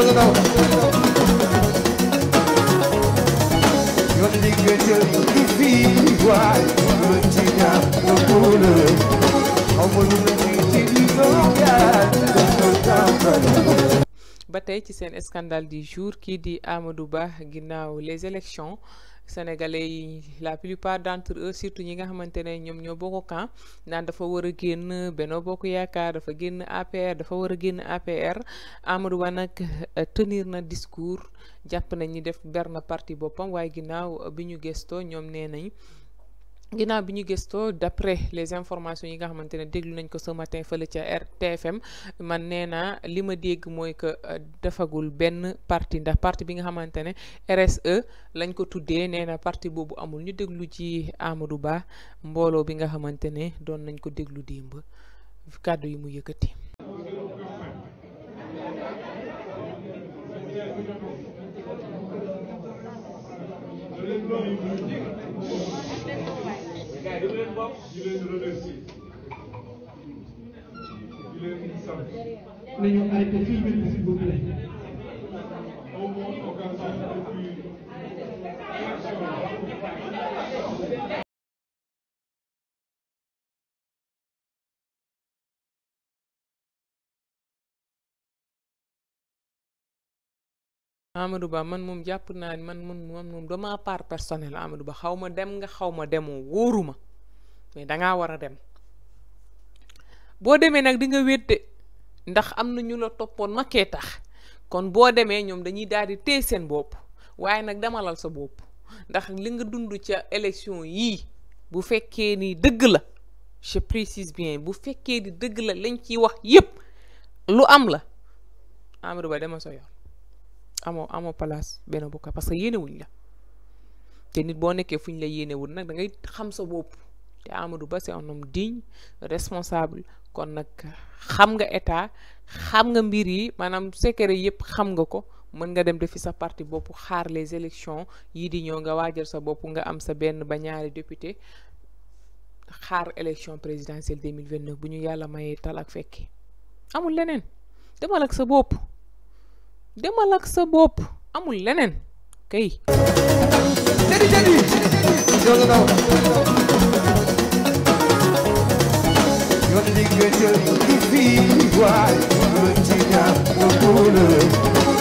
todo não. Eu digo que eu vivo igual. ba tey ci seen scandale di jour kii di Amadou Ba ginnaaw les élections sénégalais yi la plupart d'entre eux surtout ñi nga xamante ne ñoom ñoo bokk camp naan dafa war a génn Benno Bokk Yaakaar dafa génn APR dafa war a génn APR Amadou Ba nag euh, tenir na discours jàpp nañ ñi def ber na parti boppam waaye ginnaaw bi ñu gëstoo ñoom nee nañ. ginnaaw bi ñu gëstoo d'après les informations yi nga xamante ne déglu nañ ko ce matin fële ca RTFM man nee naa li ma dégg mooy que euh, defagul benn parti ndax parti bi nga xamante ne RSE lañ ko tuddee nee na parti boobu amul ñu déglu ci Amadou Ba mbooloo bi nga xamante ne doon nañ ko déglu démb kàddu yi mu yëkkati. di leen Ba man moom jàpp naa ne man man moom damaa part personnel Amadou Ba xaw ma dem nga xaw ma demoo wóoruma mais dangaa war a dem boo demee nag di nga wétte ndax am na ñu la toppoon ma kee tax kon boo demee ñoom dañuy daal di téye seen bopp waaye nag demalal sa bopp ndax li nga dund ca élection yii bu fekkee ni dëgg la je précise bien bu fekkee ni dëgg la lañ ciy wax yépp lu am la Amadou Ba dama sa yoon amoo amoo place benn bokk parce que yéenewuñ la te nit boo nekkee fu ñu la yéenewul nag dangay xam sa bopp te Amadou Ba c'est un homme digne responsable kon nag xam nga état xam nga mbir yi maanaam secret yëpp xam nga ko mën nga dem defi sa parti bopp xaar les élections yii di ñëw nga waajal sa bopp nga am sa benn ba ñaari député xaar élection présidentielle 2029 bu ñu yàlla mayee tal ak fekki amul leneen demal ak sa bopp demal ak sa bopp amul leneen kay. que Dieu divine, voit, me tient à